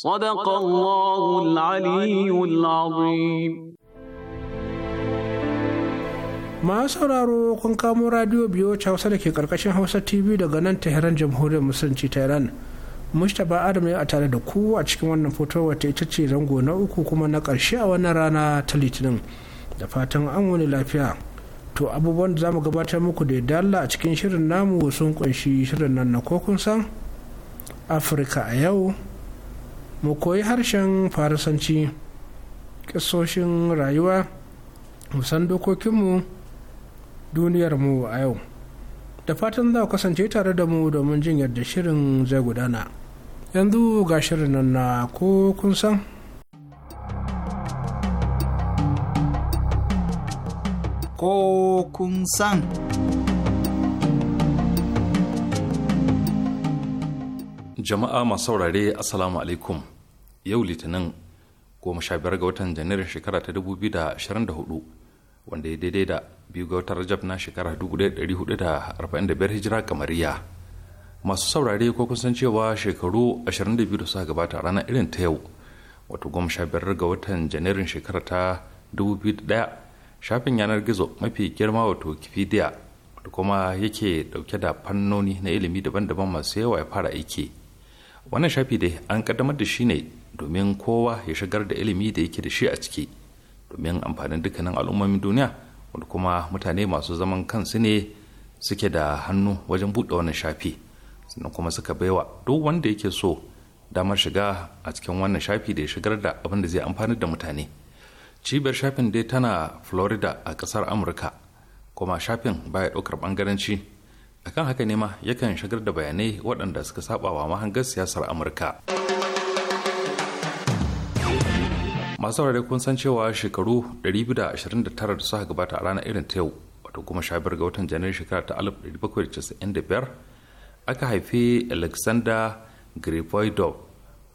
صدق الله العلي العظيم masu sauraro kun kamo radio biyu hausa da ke karkashin hausa tv daga nan tehran jamhuriyar musulunci ta iran mustapha adam ne a tare da ku a cikin wannan foto wata ita ce zango na uku kuma na karshe a wannan rana ta litinin da fatan an wani lafiya to abubuwan da zamu gabatar muku da dalla a cikin shirin namu sun kunshi shirin nan na kokun san afirka a yau mu koyi harshen farisanci kisoshin rayuwa musan dokokinmu duniyarmu a yau da fatan za kasance tare da mu domin jin yadda shirin zai gudana yanzu ga shirin nan na ko kun san ko kun san jama'a masu saurare assalamu alaikum yau litinin goma sha biyar ga watan janairun shekara ta dubu biyu da ashirin da hudu wanda ya daidai da biyu ga watan rajab na shekara dubu ɗaya dari hudu da arba'in da biyar hijira kamariya masu saurare ko kun san cewa shekaru ashirin da biyu da suka gabata a ranar irin ta yau wato goma sha biyar ga watan janairun shekara ta dubu biyu da ɗaya shafin yanar gizo mafi girma wato kifidiya da kuma yake dauke da fannoni na ilimi daban-daban masu yawa ya fara aiki wannan shafi dai an kaddamar da shi ne domin kowa ya shigar da ilimi da yake da shi a ciki domin amfanin dukkanin al'ummomin duniya wanda kuma mutane masu zaman kansu ne suke da hannu wajen buɗe wannan shafi sannan kuma suka baiwa duk wanda yake so damar shiga a cikin wannan shafi da ya shigar da abin da zai amfanar da mutane cibiyar shafin dai tana florida a ƙasar amurka kuma shafin baya ɗaukar ɓangaranci akan haka ne ma yakan shigar da bayanai waɗanda suka sabawa mahangar siyasar amurka masu saurare kun san cewa shekaru 229 da suka gabata a ranar irin ta yau wato kuma sha ga watan janairu shekara ta 1795 aka haifi alexander griboidov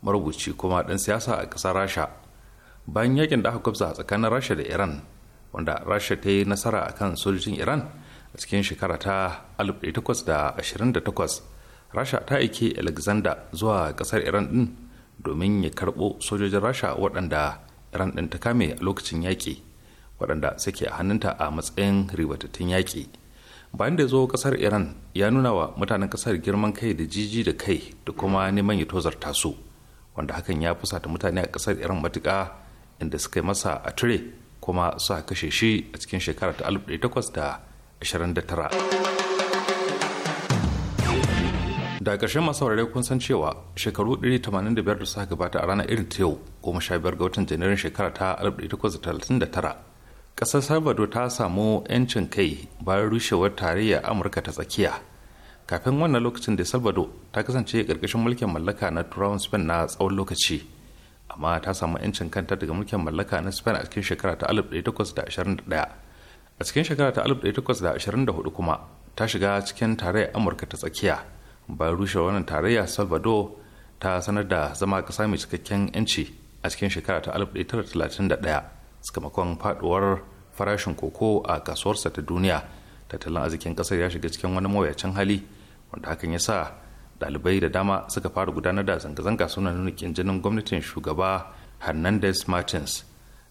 marubuci kuma ɗan siyasa a ƙasar rasha bayan yakin da aka gwabza tsakanin rasha da iran wanda rasha ta yi nasara akan sojojin iran a cikin shekara ta 1828 rasha ta aiki alexander zuwa kasar iran din domin ya karbo sojojin rasha waɗanda iran din ta kame a lokacin yaƙi waɗanda suke a hannunta a matsayin ribatattun yaƙi bayan da ya zo kasar iran ya nuna wa mutanen kasar girman kai da jiji da kai da kuma neman ya tozarta su wanda hakan ya fusata mutane a kasar iran matuka inda suka yi masa a ture kuma suka kashe shi a cikin shekara ta 1800 29 da ƙarshen masu saurare kun san cewa shekaru 185 da suka gabata a ranar irin ta yau goma sha biyar ga watan janairun shekara ta 1839 ƙasar salvador ta samu 'yancin kai bayan rushewar tarayya amurka ta tsakiya kafin wannan lokacin da salvador ta kasance ƙarƙashin mulkin mallaka na turawan spain na tsawon lokaci amma ta samu 'yancin kanta daga mulkin mallaka na spain a cikin shekara ta 1821 a cikin shekara ta 1824 kuma ta shiga cikin tarayyar amurka ta tsakiya bayan rushe wannan tarayya salvador ta sanar da zama kasa mai cikakken 'yanci a cikin shekara ta 1931 sakamakon faduwar farashin koko a kasuwarsa ta duniya tattalin arzikin kasar ya shiga cikin wani mawuyacin hali wanda hakan ya sa dalibai da dama suka fara gudanar da zanga-zanga suna nuna jinin gwamnatin shugaba hernandez martins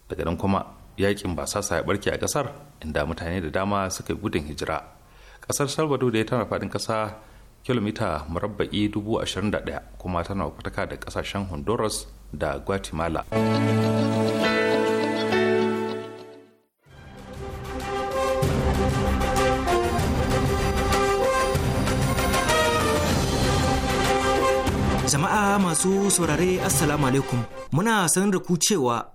daga nan kuma yakin basasa ya barke a kasar inda mutane da dama suka yi gudun hijira kasar salvador da tana faɗin ƙasa kilomita murabba'i ɗaya kuma tana fataka da ƙasashen honduras da guatemala jama'a masu saurare assalamu alaikum muna sanar da ku cewa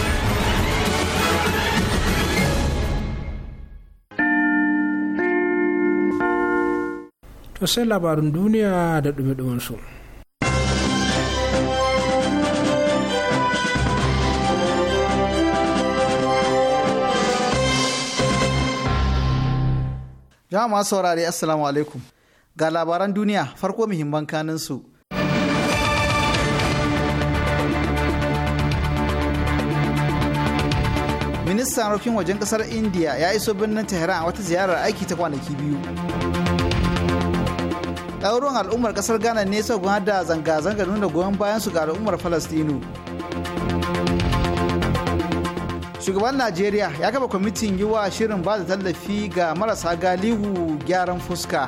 to sai labarin duniya da dumi su. Jama'a saurari Assalamu alaikum. Ga labaran duniya farko muhimman kanin Ministan harkokin wajen kasar Indiya ya iso birnin Tehran a wata ziyarar aiki ta kwanaki biyu. ɗaruruwan al'ummar ƙasar ghana ne sau da zanga-zanga nuna goyon bayan su ga al'ummar falastinu shugaban najeriya ya kafa kwamitin yi wa shirin ba da tallafi ga marasa galihu gyaran fuska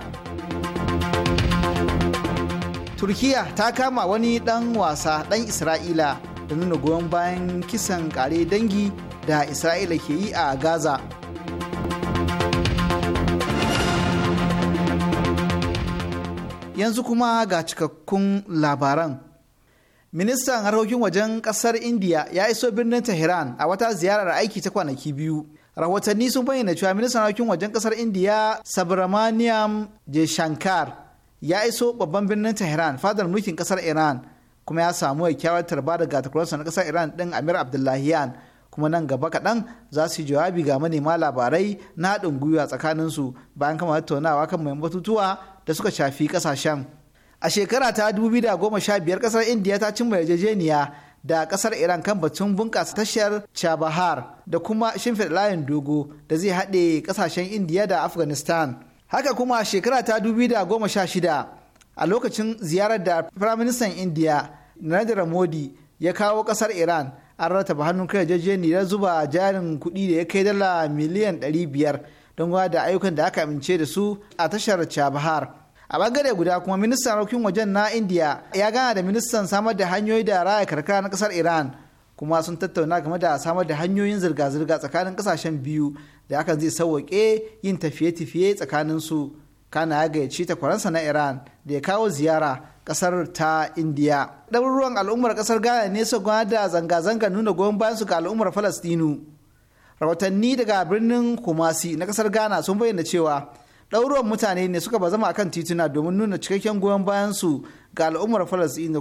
turkiya ta kama wani ɗan wasa ɗan isra'ila da nuna goyon bayan kisan kare dangi da isra'ila ke yi a gaza Yanzu kuma ga cikakkun labaran. Ministan harkokin wajen kasar india ya iso birnin Tehran a wata ziyarar aiki ta kwanaki biyu. Rahotanni sun bayyana cewa ministan harkokin wajen kasar india Sabramaniam Jaishankar ya iso babban birnin Tehran fadar mulkin kasar Iran kuma ya samu kyakkyawar tarba daga takwarsa na kasar Iran ɗin Amir Abdullahiyan kuma nan gaba kaɗan za su jawabi ga manema labarai na haɗin gwiwa tsakaninsu bayan kama tattaunawa kan mai batutuwa da suka shafi kasashen a shekara ta 2015 kasar indiya ta cimma yarjejeniya da kasar iran kan batun bunƙasa tashar chabahar da kuma shimfiɗa layin dogo da zai haɗe kasashen indiya da afghanistan haka kuma shekara ta shida a lokacin ziyarar da firaministan indiya narendra modi ya kawo kasar iran an rataba hannun kai yarjejeniyar zuba jarin kuɗi da ya kai dala miliyan ɗari biyar. don gwada da ayyukan da aka amince da su a tashar Chabahar. A bangare guda kuma ministan harkokin wajen na India ya gana da ministan samar da hanyoyi da raya karkara na kasar Iran kuma sun tattauna game da samar da hanyoyin zirga-zirga tsakanin kasashen biyu da hakan zai sauwaƙe yin tafiye-tafiye tsakanin su. Kana ya gayyaci takwaransa na Iran da ya kawo ziyara kasar ta India. Ɗaruruwan al'ummar kasar Ghana ne su gwada zanga-zanga nuna goyon bayan su ga al'ummar Falastinu. rahotanni daga birnin kumasi na kasar ghana sun bayyana cewa ɗauruwan mutane ne suka bazama kan tituna domin nuna cikakken goyon bayan su ga al'ummar falasɗin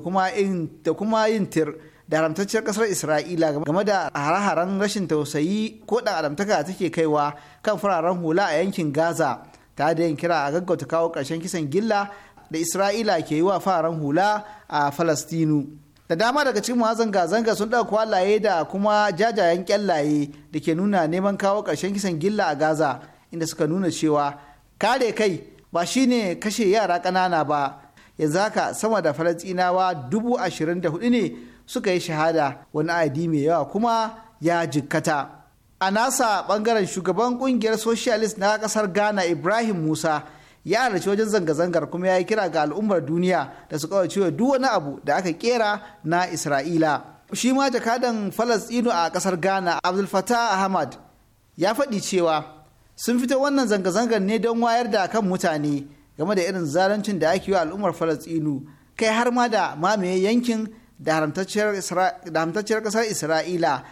da kuma yin tir da haramtacciyar kasar isra'ila game da hare-haren rashin tausayi ko ɗan adamtaka take kaiwa kan fararen hula a yankin gaza ta da yin kira a gaggauta kawo ƙarshen kisan gilla da isra'ila ke yi wa fararen hula a falastinu da dama daga cikin masu zanga-zanga sun ɗauka kwalaye da kuma jajayen kyallaye da ke nuna neman kawo ƙarshen kisan gilla a gaza inda suka nuna cewa kare kai ba shine kashe yara ƙanana ba yanzu haka sama da falastinawa dubu ashirin da hudu ne suka yi shahada wani adi mai yawa kuma ya jikkata a nasa bangaren shugaban kungiyar socialist na kasar ghana ibrahim musa ya halarci wajen zanga-zangar kuma ya yi kira ga al'ummar duniya da su kawai cewa duk wani abu da aka kera na isra'ila shi ma jakadan falastinu a kasar ghana abdul fatah ahmad ya faɗi cewa sun fito wannan zanga-zangar ne don wayar da kan mutane game da irin zaluncin da ake yi wa al'ummar falastinu kai har ma da mamaye yankin da haramtacciyar kasar isra'ila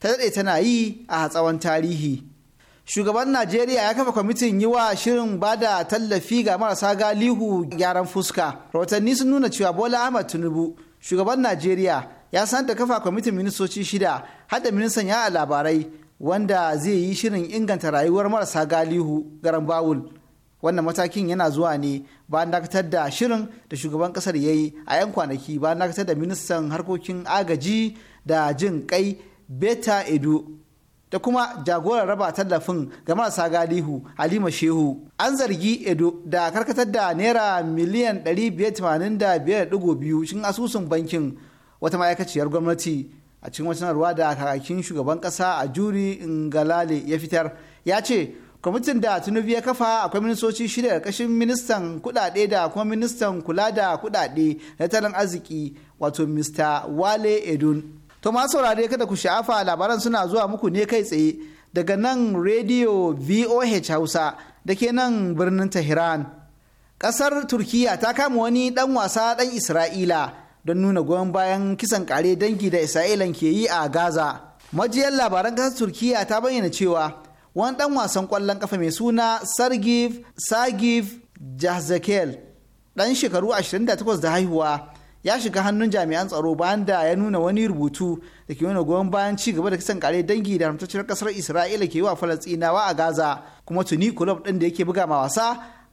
ta daɗe tana yi a tsawon tarihi shugaban najeriya ya kafa kwamitin yi wa shirin ba da tallafi ga marasa galihu gyaran fuska rahotanni sun nuna cewa bola ahmad tinubu shugaban najeriya ya san da kafa kwamitin ministoci shida har da ministan ya labarai wanda zai yi shirin inganta rayuwar marasa galihu garan bawul wannan matakin yana zuwa ne bayan dakatar da shirin da shugaban kasar ya yi a 'yan kwanaki bayan dakatar da ministan harkokin agaji da jin kai beta edu da kuma jagorar raba tallafin ga marasa galihu halima shehu an zargi edo da karkatar da naira miliyan 585.2 cikin asusun bankin wata ma'aikaciyar gwamnati a cikin wata sanarwa da kakakin shugaban kasa a juri ingalale ya fitar ya ce kwamitin da tunubi ya kafa akwai ministoci shida da kashin ministan kudade da kuma ministan kula da kudade na tattalin arziki wato mr wale edun To ma saurare kada ku sha'afa labaran suna zuwa muku ne kai tsaye daga nan rediyo VOH Hausa da ke nan birnin Tehran. Ƙasar Turkiya ta kama wani ɗan wasa ɗan Isra'ila don nuna goyon bayan kisan kare dangi da Isra'ilan ke yi a Gaza. Majiyar labaran ƙasar Turkiya ta bayyana cewa wani ɗan wasan ƙwallon ƙafa mai suna Sargif Sagiv Jahzakel ɗan shekaru 28 da haihuwa ya shiga hannun jami'an tsaro bayan da ya nuna wani rubutu da ke nuna goyon bayan ci gaba da kisan kare dangi da haramtacciyar kasar isra'ila ke yi wa falastinawa a gaza kuma tuni kulob din da yake buga ma wasa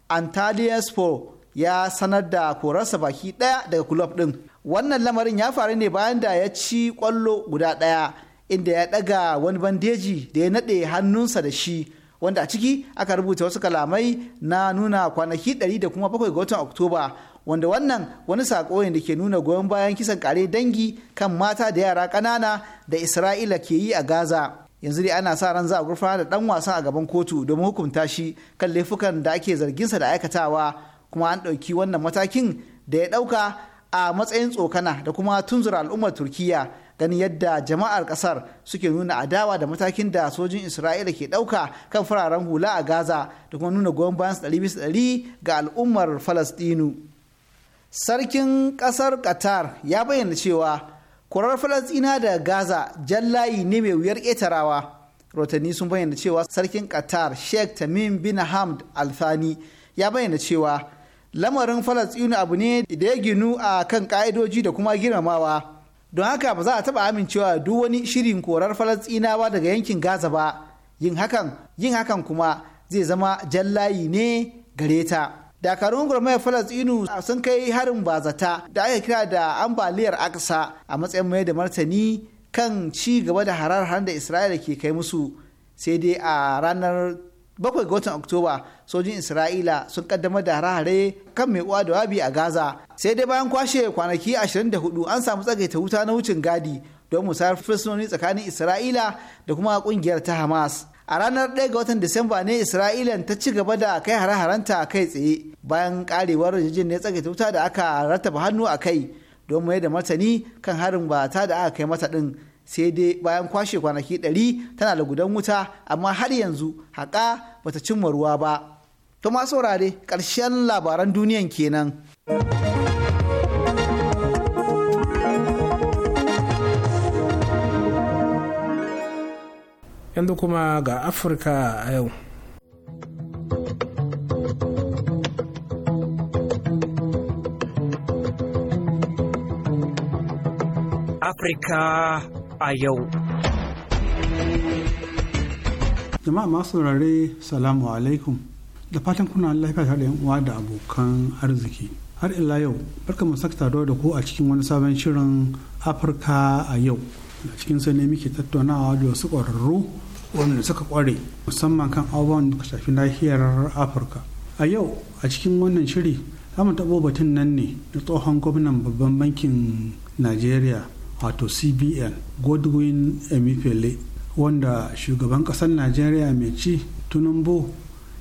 antaliaspor ya sanar da korarsa baki ɗaya daga kulob din. wannan lamarin ya faru ne bayan da ya ci kwallo guda ɗaya inda ya ɗaga wani bandeji da ya nade hannunsa da shi wanda a ciki aka rubuta wasu kalamai na nuna kwanaki ɗari da kuma bakwai ga watan oktoba wanda wannan wani saƙo ne da ke nuna goyon bayan kisan kare dangi kan mata da yara ƙanana da isra'ila ke yi a gaza yanzu dai ana sa ran za a gurfana da ɗan wasan a gaban kotu domin hukunta shi kan laifukan da ake zarginsa da aikatawa kuma an ɗauki wannan matakin da ya ɗauka a matsayin tsokana da kuma tunzura al'ummar turkiya ganin yadda jama'ar kasar suke nuna adawa da matakin da sojin isra'ila ke ɗauka kan fararen hula a gaza da kuma nuna goyon bayan ɗari ga al'ummar falastinu sarkin kasar qatar ya bayyana cewa kurar falastina da gaza jallayi ne mai wuyar ƙetarawa rotanni sun bayyana cewa sarkin qatar sheikh tamim bin hamd alfani ya bayyana cewa lamarin falastina abu ne da ya ginu a kan ka'idoji da kuma girmamawa don haka ba za a taɓa amincewa duk wani shirin korar falasɗinawa daga yankin gaza ba yin hakan yin hakan kuma zai zama jallayi ne gare ta dakarun gwamnati falasɗinu sun kai harin bazata da aka kira da ambaliyar aksa a matsayin mai da martani kan ci gaba da harar da isra'ila ke kai musu sai dai a ranar 7 ga watan oktoba sojin isra'ila sun kaddamar da harare kan mai uwa da wabi a gaza sai dai bayan kwashe kwanaki 24 an samu tsagaita wuta na wucin gadi don musayar fursunoni tsakanin isra'ila da kuma kungiyar ta hamas a ranar 1 ga watan disamba ne isra'ilan ta ci gaba da kai hare-harenta a kai tsaye bayan karewar rijijin ne tsagaita wuta da aka rattaba hannu a kai don mai da martani kan harin bata da aka kai mata din sai dai bayan kwashe kwanaki 100 tana da gudan wuta amma har yanzu haƙa bata cimma ruwa ba. To ma saurare ƙarshen labaran duniyan kenan. yanzu kuma ga afirka a yau afirka a yau jama'a masu rare salamu alaikum da fatan kuna lafiya da da uwa da abokan arziki har illa yau barka mu saka da ku a cikin wani sabon shirin afirka a yau a cikin sa ne muke tattaunawa da wasu ƙwararru wanda suka kware musamman kan abubuwan da shafi nahiyar afirka a yau a cikin wannan shiri za mu taɓo batun nan ne na tsohon gwamnan babban bankin najeriya wato cbn godwin emifele wanda shugaban ƙasar najeriya mai ci tunumbo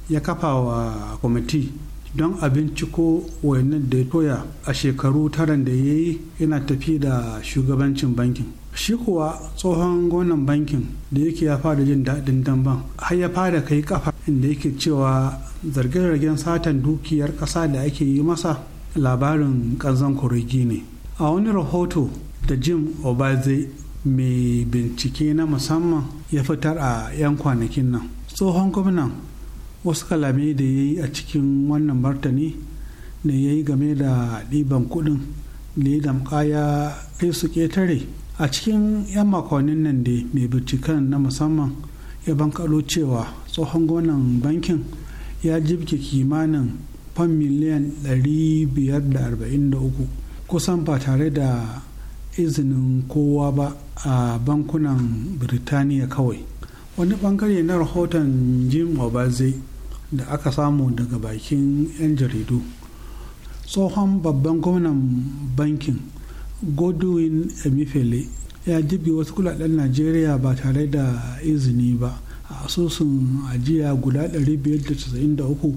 ya kafa wa kwamiti don a binciko wayannan da ya toya a shekaru taran da ya yi yana tafi da shugabancin bankin shi kuwa tsohon gonan bankin da yake ya fara jin daɗin damban har ya fara kai kafa inda yake cewa zarge-zargen satan dukiyar ƙasa da ake yi masa labarin ƙanzan kurigi ne a wani rahoto da jim obaze mai bincike na musamman ya fitar a 'yan kwanakin nan tsohon gwamnan wasu kalamai da ya yi a cikin wannan martani da ya yi game da ɗiban kuɗin da ya damƙa ya kai su ƙetare a cikin 'yan makonnin nan da mai binciken na musamman ya bankalo cewa tsohon gwamnan bankin ya jibke kimanin fan miliyan 543 kusan ba tare da izinin kowa ba a bankunan birtaniya kawai wani bangare na rahoton jim obaze da aka samu daga bakin 'yan jaridu tsohon babban gwamnan bankin godwin emifele ya jibi wasu kudaden najeriya ba tare da izini ba a asusun ajiya guda 593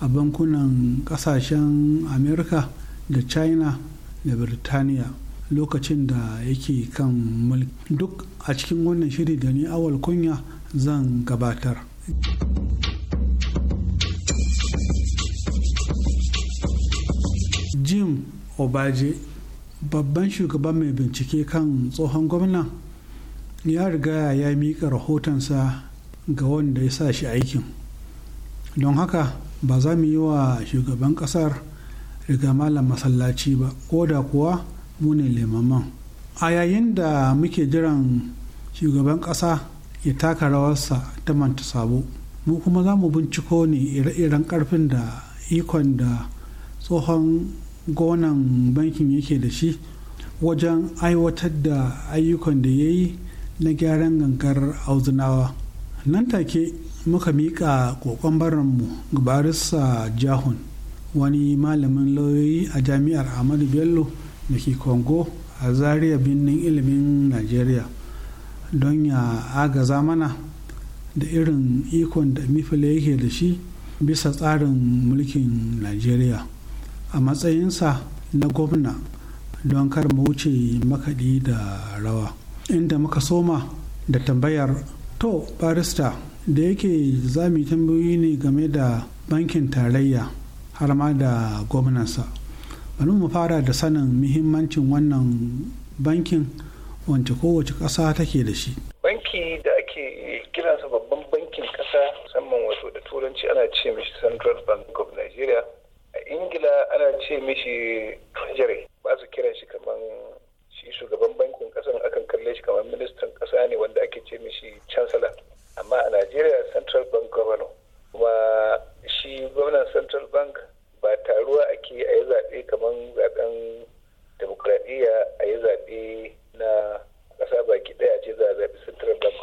a bankunan kasashen amerika da china da birtaniya lokacin da yake kan mulki duk a cikin wannan shiri da ni awal kunya zan gabatar jim obaje babban shugaban mai bincike kan tsohon gwamna ya riga ya miƙa rahotonsa ga wanda ya sa shi aikin don haka ba za mu yi wa shugaban ƙasar riga malam masallaci ba ko da kuwa mune ne limaman a yayin da muke jiran shugaban ƙasa ya taka rawarsa ta manta sabo mu kuma za mu binciko ne ire-iren ƙarfin da ikon da tsohon gonan bankin yake da shi wajen aiwatar da ayyukan da ya yi na gyaran gangar auzunawa nan take muka miƙa kokon barinmu ga barista jahun wani malamin lauyoyi a jami'ar ahmadu bello da ke congo a zaria birnin ilimin nigeria don ya agaza mana da irin ikon da mifila yake da shi bisa tsarin mulkin nigeria. a matsayinsa na gwamna don kar mu wuce makaɗi da rawa inda muka soma da tambayar to barista da yake za mu tambayoyi ne game da bankin tarayya har ma da gwamnansa bari mu fara da sanin muhimmancin wannan bankin wance kowace ƙasa take da shi banki da ake kiransa babban bankin ƙasa musamman wato da turanci ana ce mishi central bank of nigeria ingila ana ce mishi tunjere ba su kiran shi kaman shi shugaban bankin kasan akan kalle shi kamar ministan kasa ne wanda ake ce mishi chancellor amma a nigeria central bank governor kuma shi gwamnan central bank ba taruwa ake a yi zaɓe kamar zaɓen demokuraɗiyya a yi zaɓe na ƙasa baki ɗaya ce za a zaɓi central bank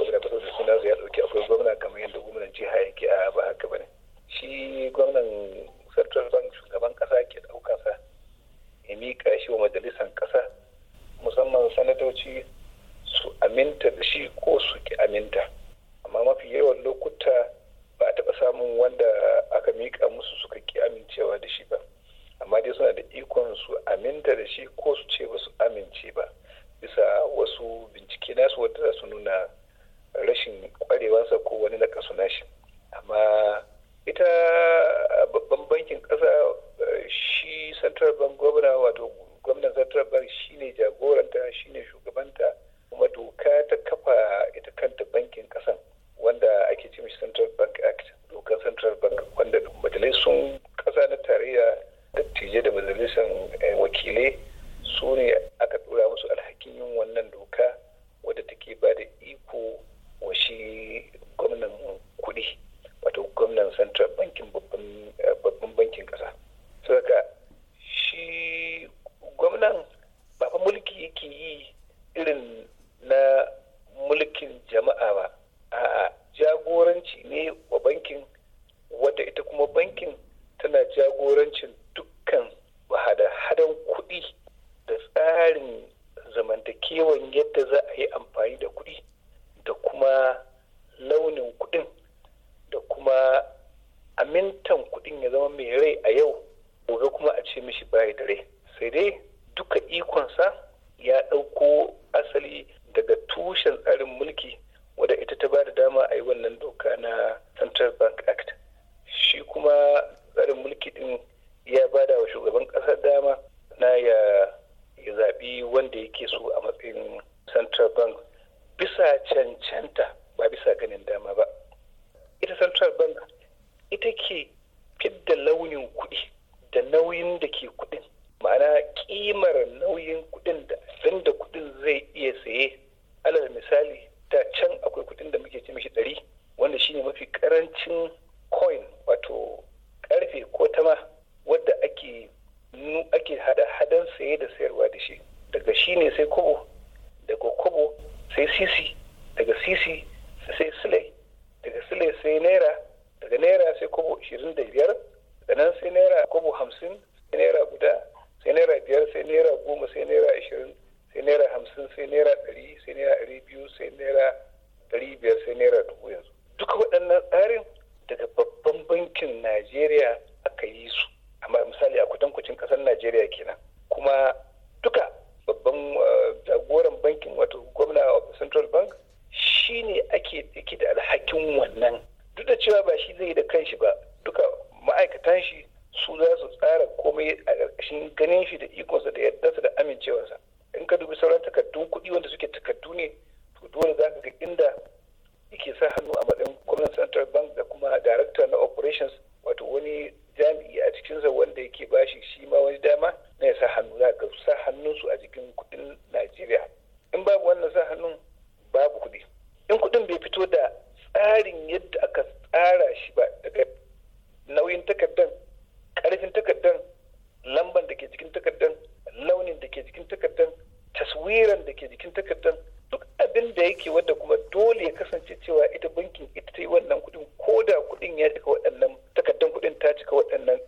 kasance cewa ita bankin ita ta yi wannan kuɗin ko da kuɗin ya cika waɗannan takardun kuɗin ta cika waɗannan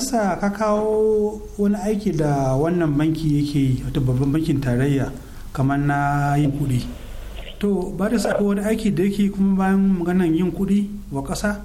barista ka kawo wani aiki da wannan banki yake yi wato babban bankin tarayya kamar na yin kuɗi to barista ko wani aiki da yake kuma bayan maganan yin kuɗi wa ƙasa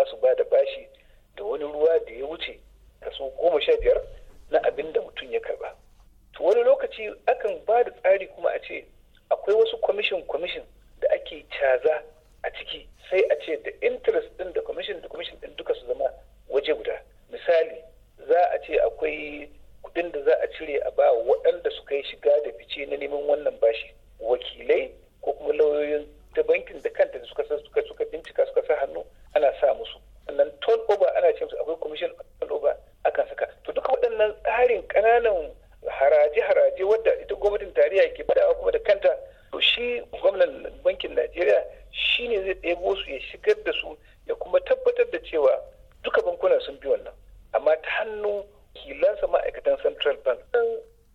ma su ba da bashi da wani ruwa da ya wuce kaso goma sha biyar na abin da mutum ya karba to wani lokaci akan ba da tsari kuma a ce akwai wasu kwamishin kwamishin da ake caza a ciki sai a ce da interest din da kwamishin da kwamishin din duka su zama waje guda misali za a ce akwai kuɗin da za a cire a ba waɗanda suka yi shiga da fice na neman wannan bashi wakilai ko kuma lauyoyin ta bankin da kanta da suka suka bincika suka sa hannu ana sa musu sannan tol over ana ce musu akwai commission turn over akan saka to duka waɗannan tsarin ƙananan haraje-haraje wadda ita gwamnatin tarayya ke badawa kuma da kanta to shi gwamnan bankin najeriya shi ne zai ɗebo su ya shigar da su ya kuma tabbatar da cewa duka bankuna sun bi wannan amma ta hannu kilansa ma'aikatan central bank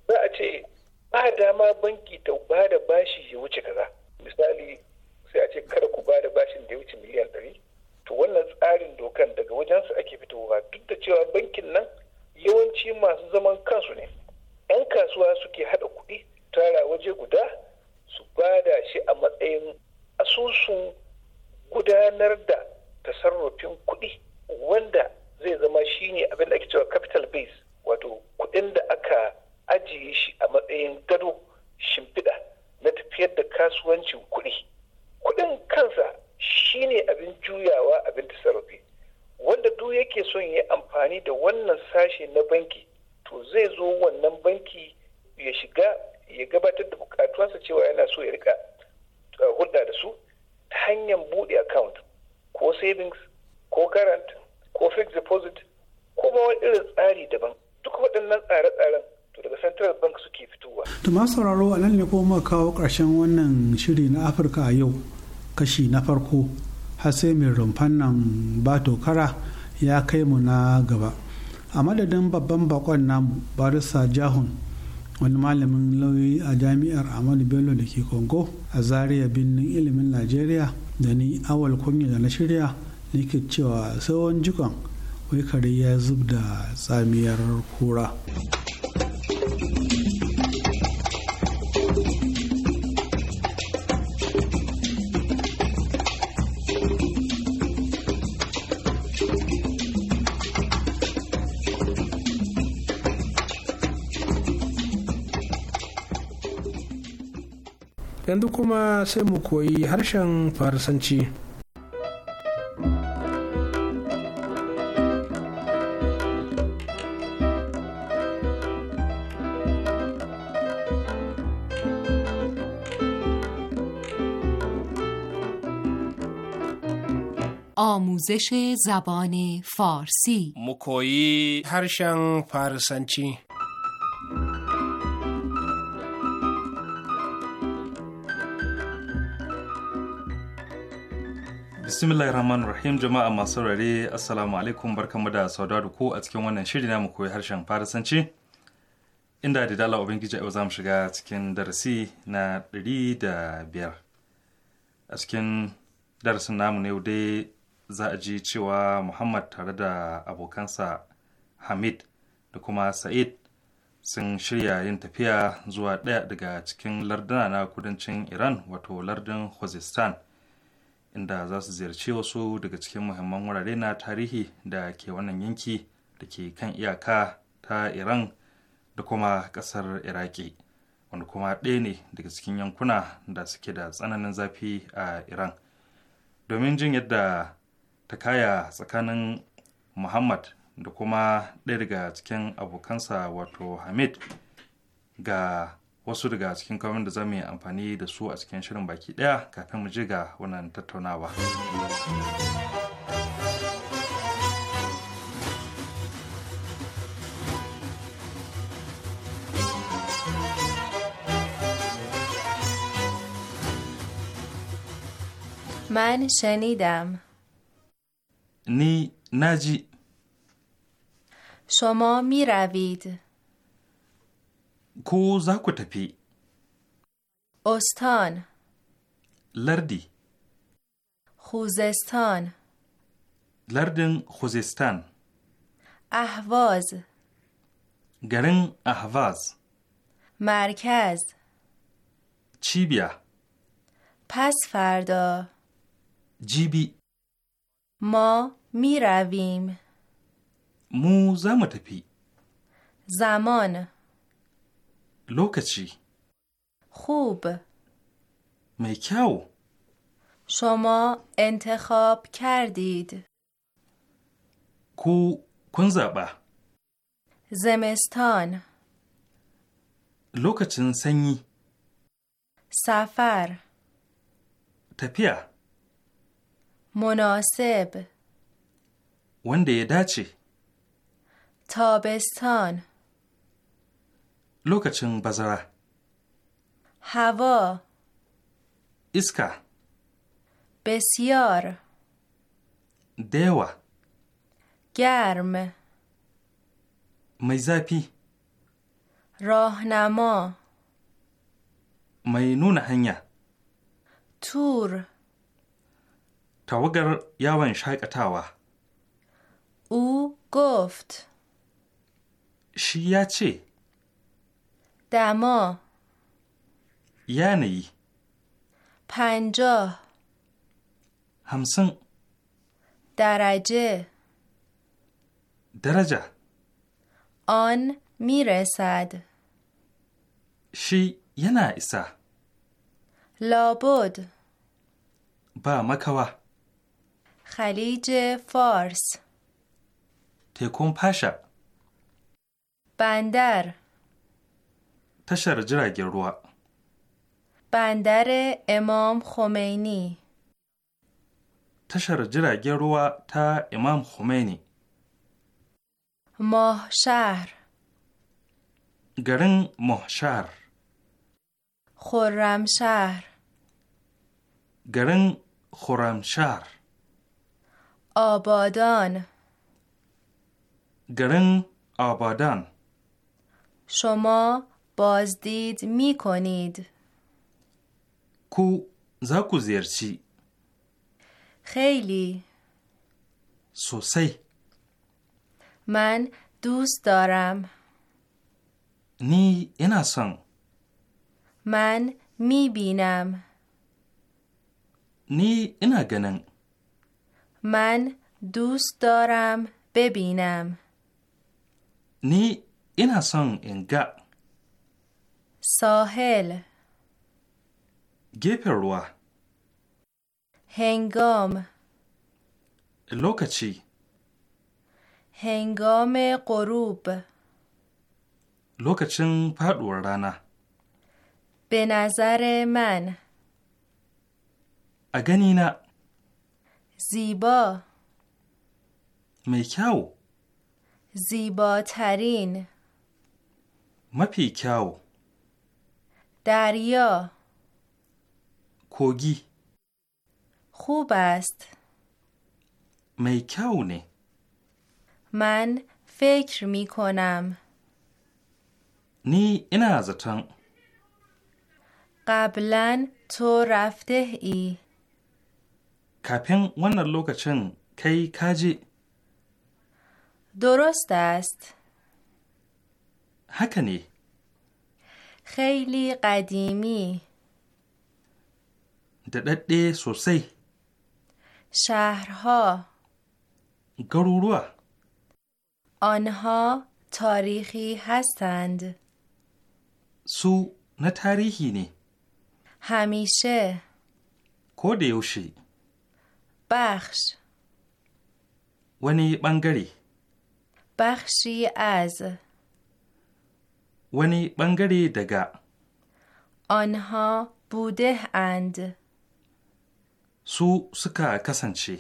za a ce ba dama banki ta ba da bashi ya wuce kaza misali sai a ce kada ku ba da bashin da ya wuce miliyan ɗari to wannan tsarin dokan daga wajensu ake fitowa duk da cewa bankin nan yawanci masu zaman kansu ne 'yan kasuwa suke haɗa kuɗi tara waje guda su bada shi a matsayin asusun gudanar da tasarrufin kuɗi wanda zai zama shine abin da ake cewa capital base wato kuɗin da aka ajiye shi a matsayin gado shimfiɗa na tafiyar da kasuwancin kuɗi kuɗin kansa shi ne abin juyawa abin tasarrufi wanda duk yake son ya amfani da wannan sashe na banki to zai zo wannan banki ya shiga ya gabatar da bukatuwarsa cewa yana so ya rika uh, hulɗa da su ta hanyar buɗe account ko savings ko current ko fixed deposit ko ma wani irin tsari daban duk waɗannan tsare-tsaren to daga central bank suke fitowa. da masu sauraro a nan ne kuma kawo ƙarshen wannan shiri na afirka a yau kashi na farko har sai mai rumfan nan ba tokara ya kai mu na gaba a madadin babban bakon na barisa jahun wani malamin lauyoyi a jami'ar ahmadu bello da ke congo a zaria birnin ilimin najeriya da ni awal kunya da na shirya nake cewa tsawon jikon wai kare ya zub da tsamiyar kura. yanzu kuma sai mu آموزش زبان فارسی مکویی هرشن فارسنچی bismillahir rahman rahim jama'a masu rare assalamu alaikum barkamu da sauda da ku a cikin wannan shiri na mu koyi harshen farisanci inda da dala ubangiji yau za mu shiga cikin darasi na ɗari da biyar a cikin darasin namu ne yau dai za a ji cewa muhammad tare da abokansa hamid da kuma sa'id sun shirya yin tafiya zuwa ɗaya daga cikin larduna na kudancin iran wato lardin khuzestan inda za su ziyarci wasu daga cikin muhimman wurare na tarihi da ke wannan yanki da ke kan iyaka ta iran da kuma kasar iraki wanda kuma ɗaya ne daga cikin yankuna da suke da tsananin zafi a iran domin jin yadda ta kaya tsakanin muhammad da kuma ɗaya daga cikin abokansa wato hamid ga wasu daga cikin kawai da za mu yi amfani da su a cikin shirin baki ɗaya kafin mu jiga wannan tattaunawa. من شنیدم Ni naji. Shoma می ravid. کو تپی استان لردی خوزستان لردن خوزستان اهواز گرنگ اهواز مرکز چی بیا پس فردا جیبی ما می رویم مو تپی زمان لوکچی خوب میکاو شما انتخاب کردید کو کنزابا زمستان لوکچن سنی سفر تپیا مناسب ونده داچی تابستان لوک چنگ بزرگ؟ هوا اسکه بسیار دیوه گرم مزه پی راه نما مینون تور تا وگر یا ون شایقتا او گفت شیاچی. دما یعنی پنجاه همسن درجه درجه آن میرسد شی ینا ایسا لابد با مکوا خلیج فارس تکون پاشا بندر تشر جراگیر روا بندر امام خمینی تشر جراگیر روا تا امام خمینی ماه شهر گرن ماه شهر خورم شهر گرن آبادان گرن آبادان شما بازدید می کنید کو زاکو زیرچی خیلی سوسی من دوست دارم نی اینا من می بینم نی اینا گنن من دوست دارم ببینم نی اینا سن انگا ساحل گپر روا هنگام لوکچی هنگام غروب لوکچن پادور رانا به نظر من اگنی نه زیبا میکاو زیباترین مپیکاو دریا کوگی خوب است میکونه من فکر می کنم نی اینا زتن قبلا تو رفته ای کپین ون لوکچن کی کاجی درست است هکنی خیلی قدیمی ددده سوسی شهرها گرورو آنها تاریخی هستند سو نه تاریخی نی همیشه کودیوشی بخش ونی بنگری بخشی از wani ɓangare daga آنها bude and su suka kasance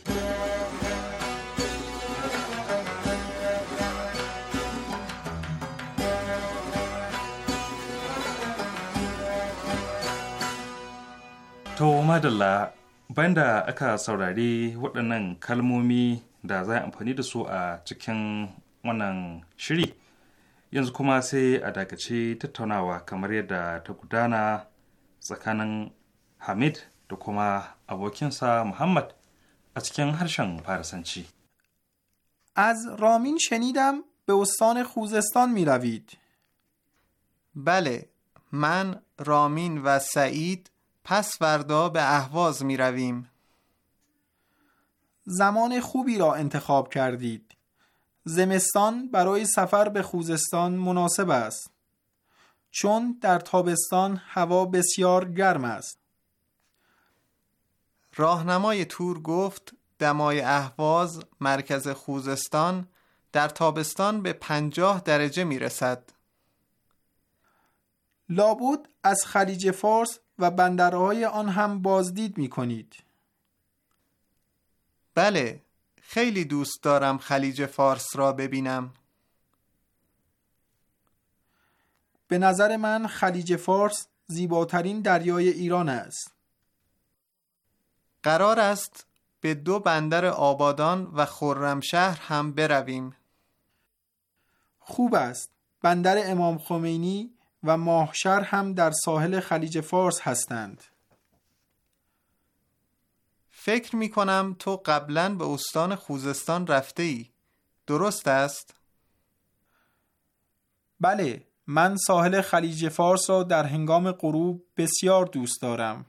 To madalla banda aka saurari waɗannan kalmomi da za a amfani da su a cikin wannan shiri yanzu kuma sai a dakace tattaunawa kamar yadda ta gudana tsakanin hamid da kuma abokinsa muhammad a cikin harshen farisanci از رامین شنیدم به استان خوزستان می روید. بله من رامین و سعید پس فردا به اهواز می رویم. زمان خوبی را انتخاب کردید. زمستان برای سفر به خوزستان مناسب است چون در تابستان هوا بسیار گرم است راهنمای تور گفت دمای اهواز مرکز خوزستان در تابستان به پنجاه درجه می رسد. لابود از خلیج فارس و بندرهای آن هم بازدید می کنید. بله خیلی دوست دارم خلیج فارس را ببینم به نظر من خلیج فارس زیباترین دریای ایران است قرار است به دو بندر آبادان و خرمشهر هم برویم خوب است بندر امام خمینی و ماهشر هم در ساحل خلیج فارس هستند فکر می کنم تو قبلا به استان خوزستان رفته ای. درست است؟ بله من ساحل خلیج فارس را در هنگام غروب بسیار دوست دارم.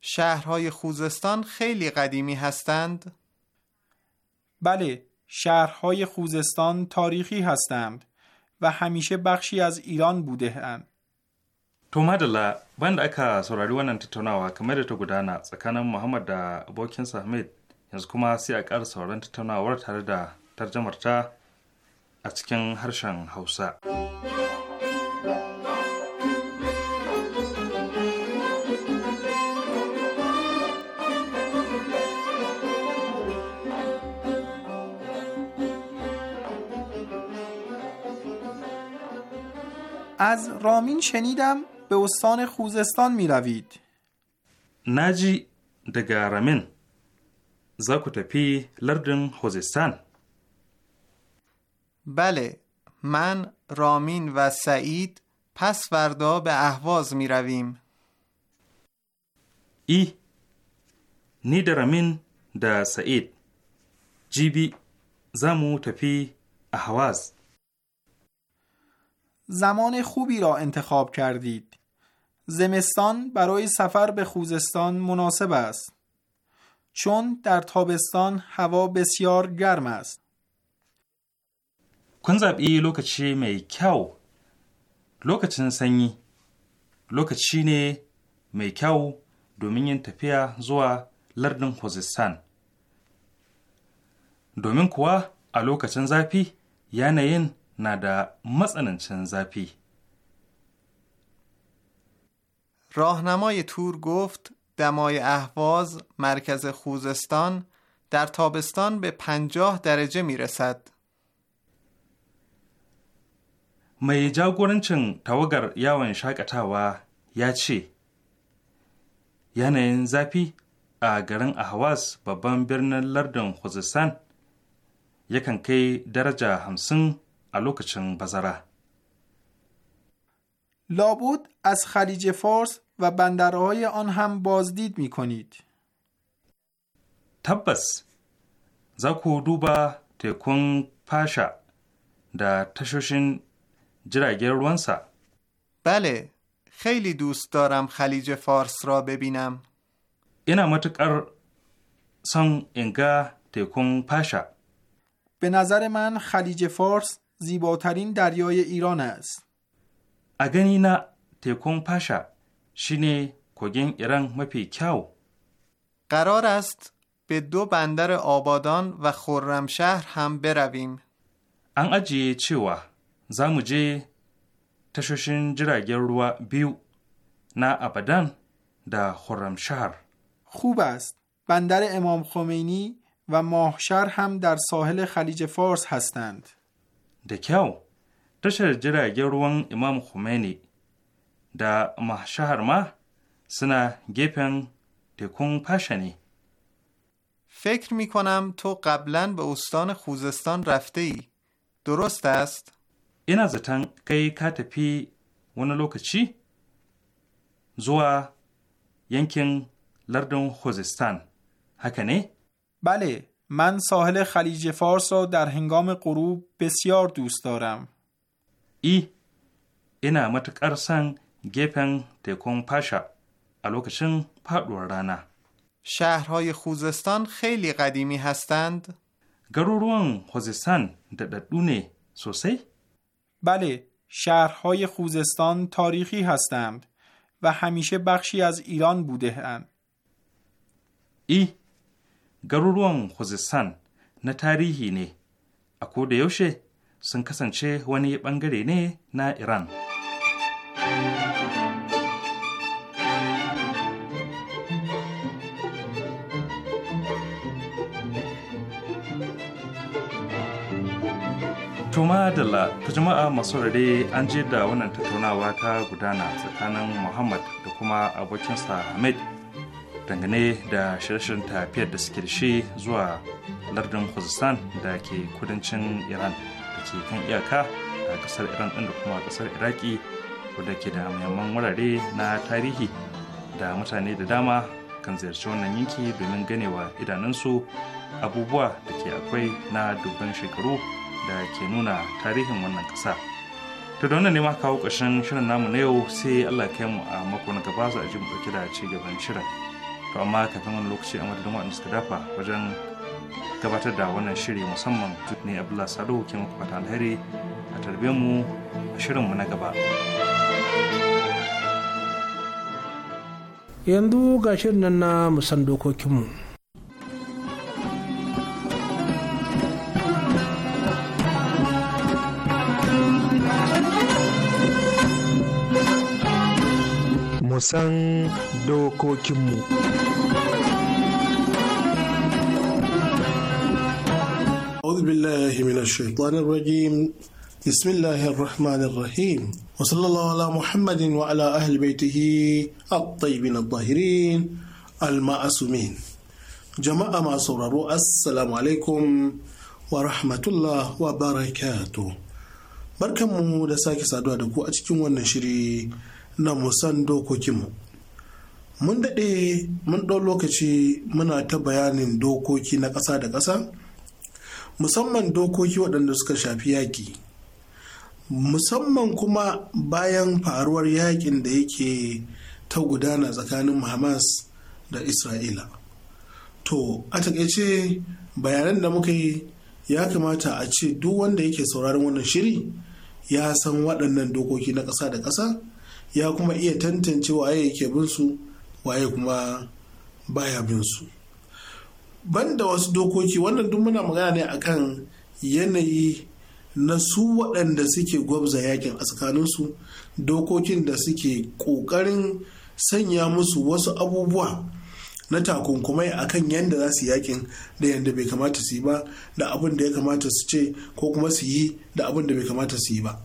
شهرهای خوزستان خیلی قدیمی هستند؟ بله شهرهای خوزستان تاریخی هستند و همیشه بخشی از ایران بوده اند. To madalla da aka saurari wannan tattaunawa kamar da ta gudana tsakanin Muhammad da abokinsa Hamid yanzu kuma sai a ƙara sauran tattaunawar tare da tarjamarta a cikin harshen Hausa. از رامین شنیدم به استان خوزستان می روید نجی دگه زاکو تپی لردن خوزستان بله من رامین و سعید پس فردا به اهواز می رویم ای نی دا دا سعید جیبی زمو تپی اهواز زمان خوبی را انتخاب کردید زمستان برای سفر به خوزستان مناسب است چون در تابستان هوا بسیار گرم است. کنزب ای لوک می میکاو لوک چین سنگی لوک چین میکاو دومین تپیه زوه لردن خوزستان دومین کوه الوک یا زبیه یعنی نده مثل راهنمای تور گفت دمای اهواز مرکز خوزستان در تابستان به 50 درجه میرسد می جاگورنچن تاوگر یا ون شاکتاوا یا چی یعنی زپی اگرن اهواز با بان لردن خوزستان یکن که درجه همسن الوکچن بزاره لابود از خلیج فارس و بندرهای آن هم بازدید می کنید. تبس زکو دوبا تکون پاشا دا تشوشین جرگر روانسا بله خیلی دوست دارم خلیج فارس را ببینم اینا متقر سن انگا تکون پاشا به نظر من خلیج فارس زیباترین دریای ایران است اگنینا تکون پاشا شینه کوگین ایران مپی کیاو قرار است به دو بندر آبادان و خرمشهر هم برویم ان اجی چیوا زموجه تشوشین جراگن روا بیو نه آبادان دا خرمشهر خوب است بندر امام خمینی و ماهشر هم در ساحل خلیج فارس هستند. دکاو تشر جراگن روان امام خمینی da مهشهر ما سنا گپن تکون پشنی فکر می کنم تو قبلا به استان خوزستان رفته ای درست است؟ این از تن کی کتپی ون لوکچی زوا ینکن لردن خوزستان هکنه؟ بله من ساحل خلیج فارس را در هنگام غروب بسیار دوست دارم ای اینا متکر گپن تکون پاشا الوکشن پادور رانا شهرهای خوزستان خیلی قدیمی هستند؟ گروروان خوزستان دددونه سوسی؟ بله، شهرهای خوزستان تاریخی هستند و همیشه بخشی از ایران بوده اند. ای گروروان خوزستان نه تاریخی نه اکو دیوشه سن ونی بنگره نه نه ایران. da la, ta jama'a masu rare an je da wannan tattaunawa ta gudana tsakanin Muhammad da kuma abokinsa Hamid dangane da shirye tafiyar da suke shi zuwa lardin Khuzistan da ke kudancin Iran da ke kan iyaka da kasar Iran ɗin da kuma kasar Iraki wadda ke da muhimman wurare na tarihi da mutane da dama kan ziyarci wannan yanki domin ganewa idanunsu abubuwa da ke akwai na dubban shekaru da ke nuna tarihin wannan ƙasa. To da wannan ne ma kawo ƙarshen shirin namu na yau sai Allah kai mu a mako na gaba za a ji mu ɗauki da ci gaban shirin. To amma kafin wani lokaci a madadin waɗanda suka dafa wajen gabatar da wannan shiri musamman ne Abdullah Sado ke muku fata alheri a tarbe mu a shirin mu na gaba. Yanzu ga shirin nan na musan dokokinmu. mu san dokokinmu. أعوذ بالله من الشيطان الرجيم بسم الله الرحمن الرحيم وصلى الله على محمد وعلى أهل بيته الطيبين الطاهرين المعصومين جماعة ما سرروا السلام عليكم ورحمة الله وبركاته barkanmu da sake saduwa da ku a cikin wannan shiri na musan dokokinmu mun daɗe mun ɗau lokaci muna ta bayanin dokoki na ƙasa da ƙasa musamman dokoki waɗanda suka shafi yaƙi musamman kuma bayan faruwar yaƙin da yake ta gudana tsakanin hamas da isra'ila to a taƙaice bayanan da muka yi ya kamata a ce duk wanda yake sauraron wannan shiri ya san waɗannan dokoki na ƙasa da ƙasa ya kuma iya tantance waye yake bin su waye kuma baya bin su banda wasu dokoki wannan duk muna magana ne akan yanayi na su waɗanda suke gwabza yakin a tsakaninsu dokokin da suke ƙoƙarin sanya musu wasu abubuwa na takunkumai a kan yadda za su yakin da yadda bai kamata su yi ba da abin da ya kamata su ce ko kuma su yi da abin da bai kamata su yi ba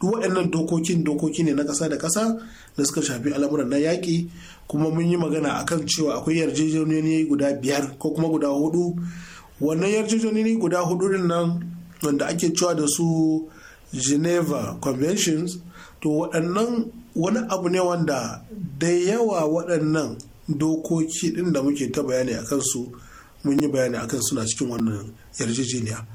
duk waɗannan dokokin dokoki ne na ƙasa da ƙasa da suka shafi al'amuran na yaƙi kuma mun yi magana akan cewa akwai yarjejeniyoyi guda biyar ko kuma guda hudu wannan yarjejeniyoyi guda hudu nan wanda ake cewa da su geneva conventions to waɗannan wani abu ne wanda da yawa waɗannan dokoki ɗin da muke ta bayani a kansu mun yi bayani a kansu suna cikin wannan yarjejeniya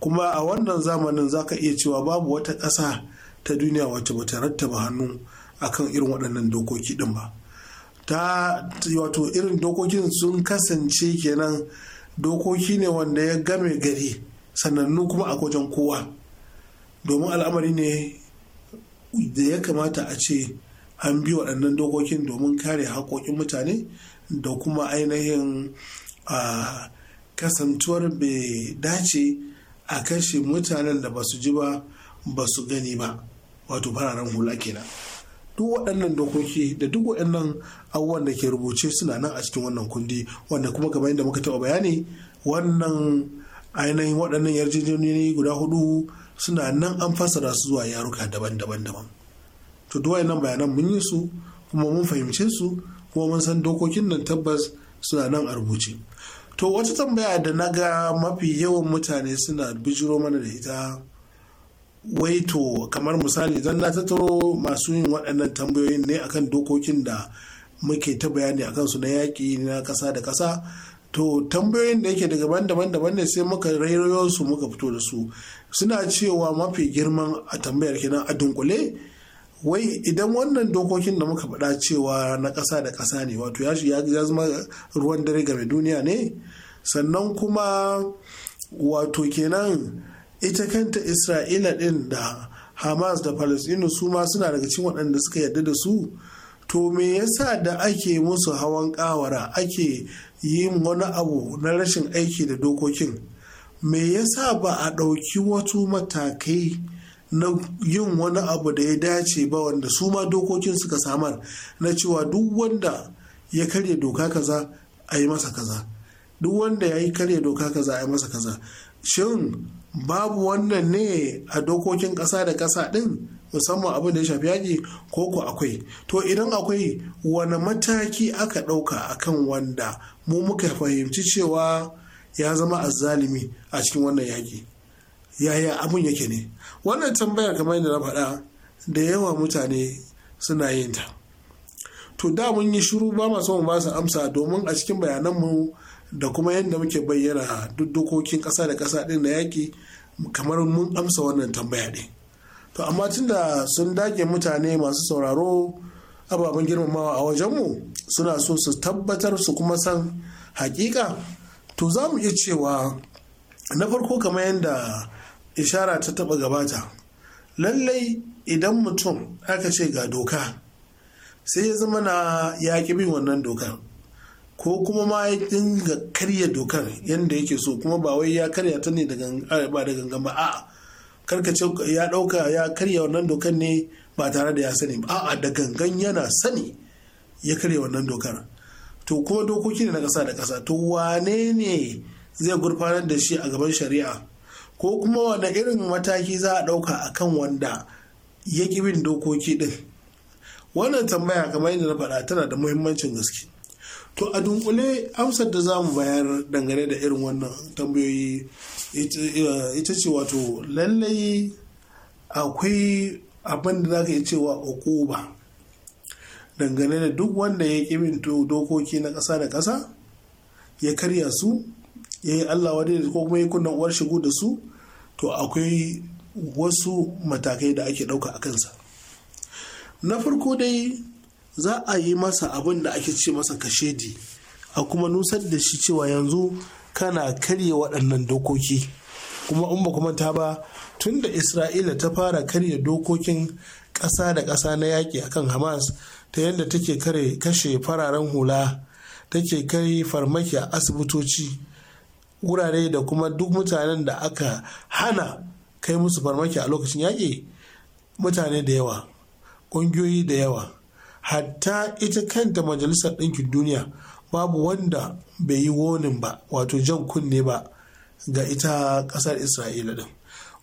kuma a wannan zamanin za ka iya cewa babu wata ƙasa ta duniya wacce ba ta rattaba hannu akan irin waɗannan dokoki ɗin ba ta wato irin dokokin sun kasance kenan dokoki ne wanda ya game gari sanannu kuma a wajen kowa domin al'amari ne da ya kamata a ce an bi waɗannan dokokin domin kare haƙoƙin mutane da kuma ainihin kasantuwar bai dace a kashe mutanen da ba su ji ba ba su gani ba wato fararen hula kenan duk waɗannan dokoki da duk waɗannan abubuwan da ke rubuce suna nan a cikin wannan kundi wanda kuma kamar yadda muka taɓa bayani wannan ainihin waɗannan yarjejeniyoyi guda hudu suna nan an fassara su zuwa yaruka daban-daban daban to duk waɗannan bayanan mun yi su kuma mun fahimce su kuma mun san dokokin nan tabbas suna nan a rubuce to wata tambaya da na ga mafi yawan mutane suna bijiro mana da ita wai to kamar misali zan na tattaro masu yin waɗannan tambayoyin ne akan dokokin da muke ta bayani a kansu na yaƙi na ƙasa da ƙasa to tambayoyin da yake daga daban daban ne sai muka rairayo su muka fito da su suna cewa mafi girman a tambayar kenan a dunkule wai idan wannan dokokin da muka faɗa cewa na ƙasa da ƙasa ne wato ya zama ruwan dare game duniya ne sannan kuma wato kenan ita kanta isra'ila ɗin da hamas da palestino su ma suna daga cikin waɗanda suka yarda da su to me yasa da ake musu hawan kawara ake yin wani abu na rashin aiki da dokokin me yasa ba a ɗauki wasu matakai na yin wani abu da ya dace ba wanda su ma dokokin suka samar na cewa duk wanda ya karya doka kaza a yi masa kaza duk wanda ya yi karya doka kaza a yi masa kaza shin babu wannan ne a dokokin ƙasa da ƙasa ɗin musamman abin da ya shafi yaƙi ko ku akwai to idan akwai wani mataki aka ɗauka akan wanda mu muka fahimci cewa ya zama azzalimi a cikin wannan yaƙi yaya abin yake ne wannan tambayar kamar yadda na faɗa da yawa mutane suna yin ta to da mun yi shiru ba masu mu ba su amsa domin a cikin bayananmu da kuma yadda muke bayyana duk dokokin ƙasa da ƙasa ɗin na yaƙi kamar mun amsa wannan tambaya ɗin to amma tunda sun dage mutane masu sauraro ababen girmamawa a wajenmu suna so su tabbatar su kuma san hakika to za mu iya cewa na farko kamar yadda ishara ta taba gabata lallai idan mutum aka ce ga doka sai ya zama na yaƙi bin wannan dokar ko kuma ma ya dinga karya dokar yadda yake so kuma ba wai ya karya ta ne da gangan ba a'a karkace ya dauka ya karya wannan dokar ne ba tare da ya sani ba a'a da gangan yana sani ya karya wannan dokar to kuma dokoki ne na kasa da kasa to wane ne zai gurfanar da shi a gaban shari'a ko kuma wane irin mataki za a dauka kan wanda ya bin dokoki din wannan tambaya kamar yadda na faɗa tana da muhimmancin gaske to a dunkule amsar da za mu bayar dangane da irin wannan tambayoyi ita ce wato lallai akwai abin da za ka yi cewa ba dangane da duk wanda ya ƙi bin dokoki na ƙasa da ƙasa ya karya su ya yi allah da ko kuma ya kunna uwar shigo da su to akwai wasu matakai da ake ɗauka a kansa na farko dai za a yi masa abin da ake ce masa kashedi a kuma nusar da shi cewa yanzu kana karye waɗannan dokoki kuma in ba kuma ta ba tun da isra'ila ta fara karya dokokin ƙasa da ƙasa na yaƙi akan hamas ta yadda take kare kashe fararen hula take kare farmaki a asibitoci wurare da kuma duk mutanen da aka hana kai musu farmaki a lokacin yaƙi mutane da yawa ƙungiyoyi da yawa hatta ita kanta majalisar ɗinkin duniya babu wanda bai yi wonin ba wato jan kunne ba ga ita ƙasar isra'ila ɗin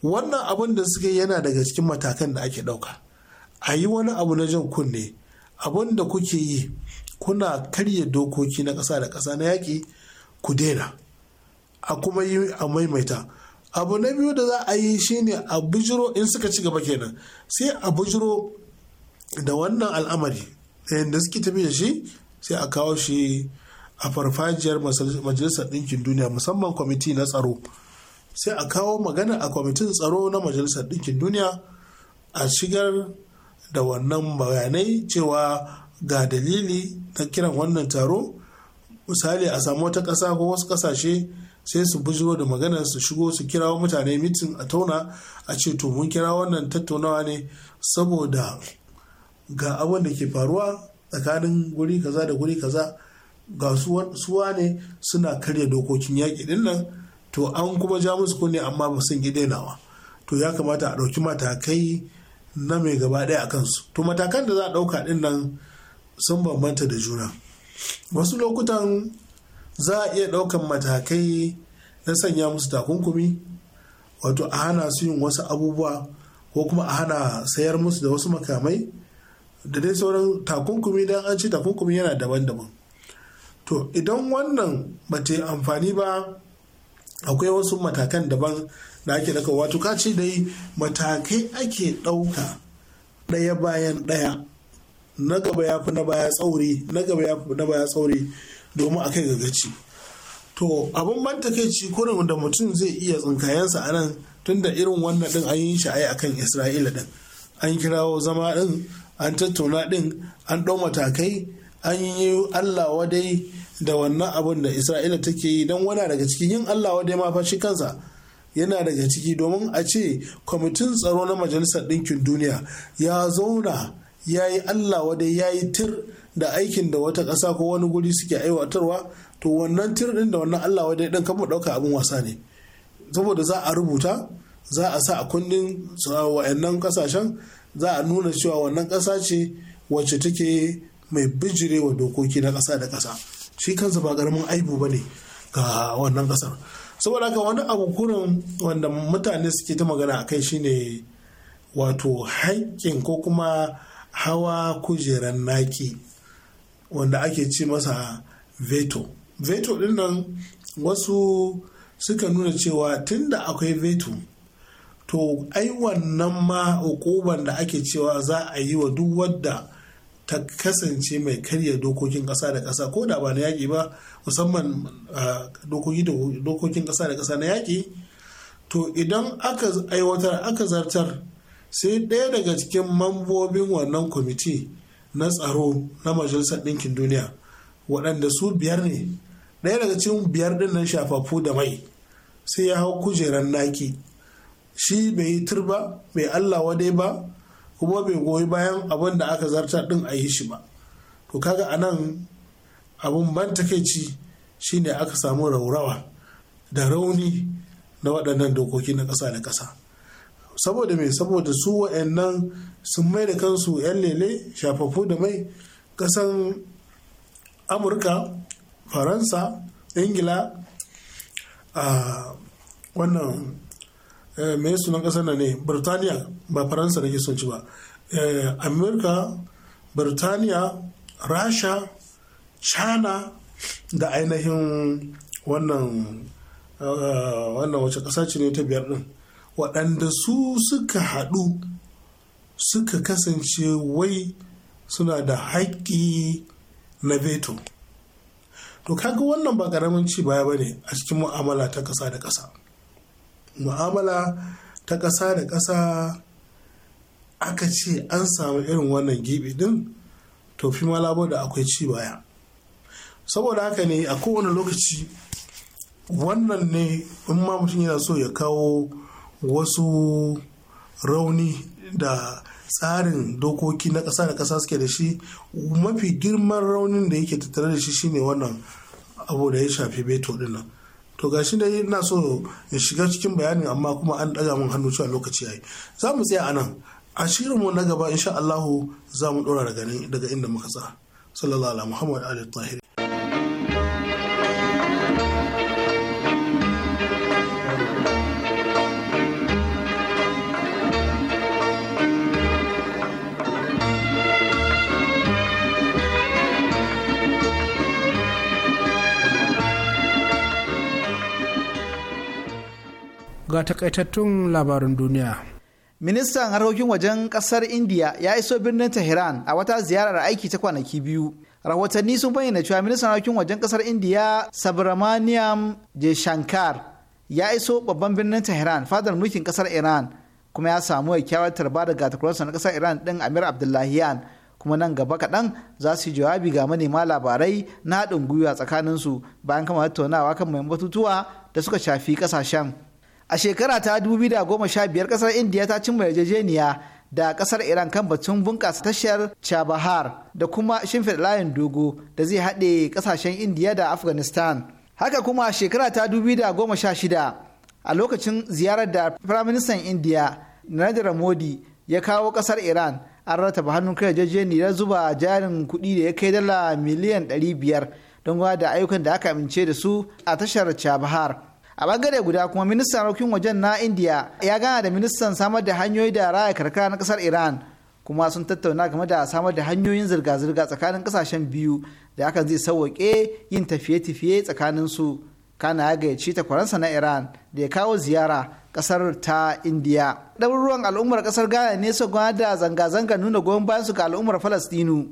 wannan abin da suke yana daga cikin matakan da ake ɗauka a yi wani abu na jan kunne abin da kuke yi kuna karya dokoki na ƙasa da ƙasa na yaƙi ku daina a kuma yi a maimaita abu na biyu da za a yi shine a bijiro in suka ci gaba kenan sai a bijiro da wannan al'amari da suke tafi da shi sai a kawo shi a farfajiyar majalisar ɗinkin duniya musamman kwamiti na tsaro sai a kawo magana a kwamitin tsaro na majalisar ɗinkin duniya a shigar da wannan bayanai cewa ga dalili na kiran wannan taro misali a samu wata ƙasa ko wasu ƙasashe sai su bujiro da magana su shigo su kirawo mutane mitin a tauna a ce to mun kira wannan tattaunawa ne saboda ga abin da ke faruwa tsakanin guri kaza da guri kaza ga suwa ne suna karya dokokin yaƙi din nan to an kuma ja musu kunne amma ba sun nawa? to ya kamata a ɗauki matakai na mai gaba ɗaya a kansu to matakan da za a ɗauka ɗin nan sun bambanta da juna wasu lokutan za a iya ɗaukan matakai na sanya musu takunkumi wato a hana su yin wasu abubuwa ko kuma a hana sayar musu da wasu makamai da dai sauran takunkumi dan an ci takunkumi yana daban-daban to idan wannan ba ta amfani ba akwai wasu matakan daban da ake daga wato kaci dai matakai ake ɗauka ɗaya bayan ɗaya na gaba ya fi na baya tsauri na gaba ya fi na baya tsauri domin a kai gagaci to abin ban takaici kurin da mutum zai iya tsinkayensa a nan tunda irin wannan din an yi shi a akan isra'ila din an kirawo zama din an tattauna ɗin an ɗau matakai an yi allah wadai da wannan abin da isra'ila take yi don wana daga ciki yin allah wadai ma fashi kansa yana daga ciki domin a ce kwamitin tsaro na majalisar ɗinkin duniya ya zauna ya yi allah wadai ya yi tir da aikin da wata ƙasa ko wani guri suke aiwatarwa to wannan tir ɗin da wannan allah wadai ɗin kama ɗauka abin wasa ne saboda za a rubuta za a sa a kundin wa'annan ƙasashen za a nuna cewa wannan ƙasa ce wacce take mai bijire wa dokoki na ƙasa da ƙasa shi kansa ba ƙaramin aibu ba ne ga wannan ƙasar saboda haka wani abu kurin wanda mutane suke ta magana a kai shine wato haƙƙin ko kuma hawa kujeran naki wanda ake ce masa veto veto ɗin nan wasu suka nuna cewa tunda akwai veto to ai wannan ma hukuban da ake cewa za a yi wa duk wadda ta kasance mai karya dokokin ƙasa da ƙasa ko da ba na yaƙi ba musamman dokokin ƙasa da ƙasa na yaƙi to idan aka aiwatar aka zartar sai ɗaya daga cikin mambobin wannan kwamiti na tsaro na majalisar ɗinkin duniya waɗanda su biyar ne ɗaya daga cikin biyar ɗin nan shafafu da mai sai ya hau kujerar naki shi bai yi turba bai Allah wadai ba kuma bai goyi bayan abin da aka zarta din a yi shi ba to kaga anan abun ban takeici shine aka samu raurawa da rauni na waɗannan dokoki na ƙasa da ƙasa saboda mai saboda su waɗannan sun mai da kansu 'yan lele shafafu da mai ƙasan amurka faransa ingila a wannan Eh, me sunan kasar nan ne birtaniya ba faransa ke son ci ba eh, Amurka, birtaniya rasha china da ainihin wannan eh, wannan wace ƙasa ce ne ta biyar ɗin waɗanda su suka haɗu suka kasance wai suna da haƙƙi na veto to kaga wannan ba ƙaramin ci baya ba ne a cikin mu'amala ta ƙasa da ƙasa mu'amala ta ƙasa da ƙasa aka ce an samu irin wannan gibi din to fi malabo da akwai ci baya saboda haka ne a kowane lokaci wannan ne in ma mutum yana so ya kawo wasu rauni da tsarin dokoki na ƙasa da ƙasa suke da shi mafi girman raunin da yake tattare da shi shine wannan abu da ya shafi beto dinnan to gashi dai ina so in shiga cikin bayani amma kuma an ɗaga min hannu cewa lokaci yayi za mu tsaya anan a mu na gaba insha Allahu za mu ɗora daga inda muka tsaya sallallahu alaihi muhammad ali tahiri ga takaitattun labarin duniya. Ministan harkokin wajen kasar India ya iso birnin Tehran a wata ziyarar aiki ta kwanaki biyu. Rahotanni sun bayyana cewa ministan harkokin wajen kasar India Subramaniam Jaishankar ya iso babban birnin Tehran fadar mulkin kasar Iran kuma ya samu kyakkyawar tarba daga takwarsa na kasar Iran din Amir Abdullahiyan kuma nan gaba kaɗan za su yi jawabi ga manema labarai na haɗin gwiwa tsakaninsu bayan kama tattaunawa kan mai batutuwa da suka shafi ƙasashen. a shekara ta 2015 kasar indiya ta cimma yarjejeniya da kasar iran kan batun bunƙasa tashar chabahar da kuma shimfiɗa layin dogo da zai haɗe ƙasashen indiya da afghanistan haka kuma shekara ta 2016 a lokacin ziyarar da firaministan indiya narendra modi ya kawo ƙasar iran an rataba hannun kai yarjejeniyar zuba jarin kuɗi da ya kai dala miliyan 500 don da ayyukan da aka amince da su a tashar chabahar a bangare guda kuma ministan harkokin wajen na indiya ya gana da ministan samar da hanyoyi da raya karkara na kasar iran kuma sun tattauna game da samar da hanyoyin zirga-zirga tsakanin kasashen biyu da hakan zai sauwaƙe yin tafiye-tafiye tsakanin su kana ya gayyaci takwaransa na iran da ya kawo ziyara kasar ta indiya ɗaruruwan al'ummar kasar ghana ne su da zanga-zanga nuna goyon bayan su ga al'ummar falastinu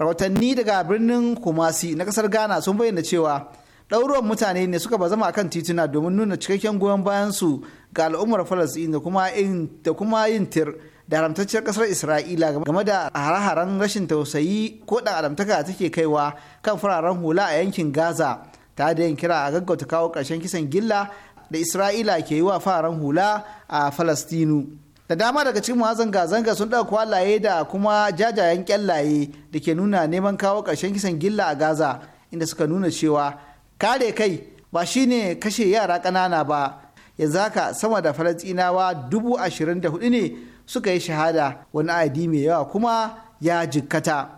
rahotanni daga birnin kumasi na kasar ghana sun bayyana cewa ɗauruwan mutane ne suka ba zama akan tituna domin nuna cikakken goyon bayan su ga al'ummar falasɗin da kuma yin tir da haramtacciyar ƙasar isra'ila game da hare-haren rashin tausayi ko da adamtaka take kaiwa kan fararen hula a yankin gaza ta da yin kira a gaggauta kawo ƙarshen kisan gilla da isra'ila ke yi wa fararen hula a falastinu da dama daga cikin masu zanga-zanga sun ɗauka kwalaye da kuma jajayen kyallaye da ke nuna neman kawo ƙarshen kisan gilla a gaza inda suka nuna cewa kare kai ba shine kashe yara ƙanana ba yanzu haka sama da falasɗinawa dubu ashirin da hudu ne suka yi shahada wani adi mai yawa kuma ya jikkata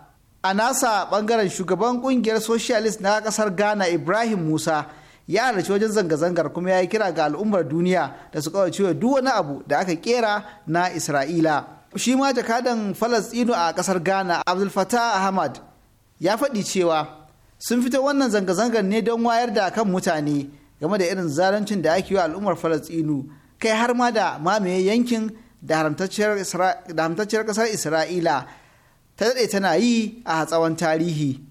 a nasa bangaren shugaban kungiyar socialist na kasar ghana ibrahim musa ya halarci wajen zanga-zangar kuma ya yi kira ga al'ummar duniya da su kawai cewa duk wani abu da aka kera na isra'ila shi ma jakadan falastinu a kasar ghana abdul fatah ahmad ya faɗi cewa sun fito wannan zanga-zangar ne don wayar da kan mutane game da irin zaruncin da ake yi wa al'ummar falastinu kai har ma da mamaye yankin da haramtacciyar ƙasar isra'ila ta daɗe tana yi a tsawon tarihi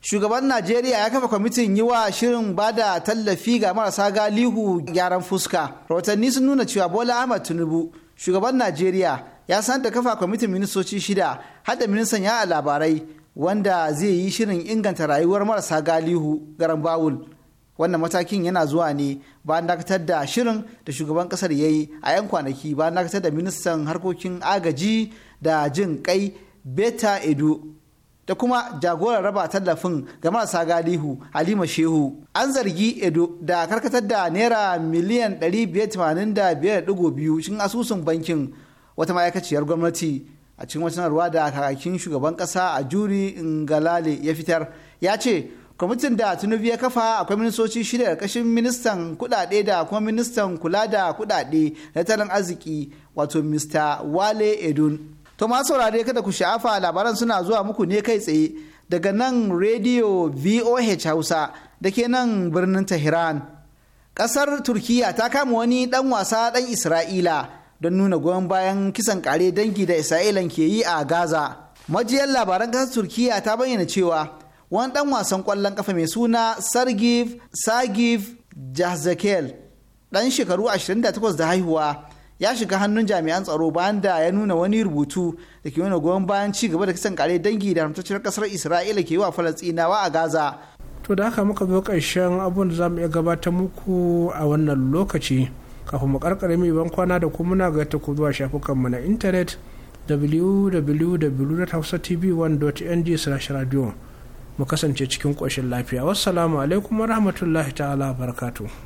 shugaban najeriya ya kafa kwamitin yi wa shirin ba da tallafi ga marasa galihu gyaran fuska rahotanni sun nuna cewa bola ahmad tinubu shugaban najeriya ya san da kafa kwamitin ministoci shida hadda ministan ya labarai wanda zai yi shirin inganta rayuwar marasa galihu garan bawul wannan matakin yana zuwa ne bayan dakatar da shirin da shugaban kasar ya yi a 'yan kwanaki bayan dakatar da ministan harkokin agaji da jin kai beta edu da kuma jagorar raba tallafin ga marasa galihu halima shehu an zargi edo da karkatar da naira miliyan 585.2 cikin asusun bankin wata ma'aikaciyar gwamnati a cikin wata sanarwa da kakakin shugaban kasa a juri ngalale ya fitar ya ce kwamitin da tunubi ya kafa akwai ministoci shida ƙarƙashin ministan kuɗaɗe da kuma ministan kula da kuɗaɗe na tattalin arziki wato mr wale edun to ma saurare kada ku sha'afa labaran suna zuwa muku ne kai tsaye daga nan rediyo voh hausa da ke nan birnin tehran ƙasar turkiya ta kama wani ɗan wasa ɗan isra'ila don nuna goyon bayan kisan kare dangi da isra'ilan ke yi a gaza majiyar labaran kasar turkiya ta bayyana cewa wani dan wasan kwallon kafa mai suna sargiv sagiv jahzakel dan shekaru 28 da haihuwa ya shiga hannun jami'an tsaro bayan da ya nuna wani rubutu da ke nuna goyon bayan ci gaba da kisan kare dangi da haramtacciyar kasar isra'ila ke yi wa falastinawa a gaza to da haka muka zo karshen abun da za mu iya gabatar muku a wannan lokaci kafin mu karkare mai ban kwana da kuma muna gaita ku zuwa shafukan mu na intanet www.hausatv1.ng/radio mu kasance cikin koshin lafiya wassalamu alaikum warahmatullahi ta'ala barakatuh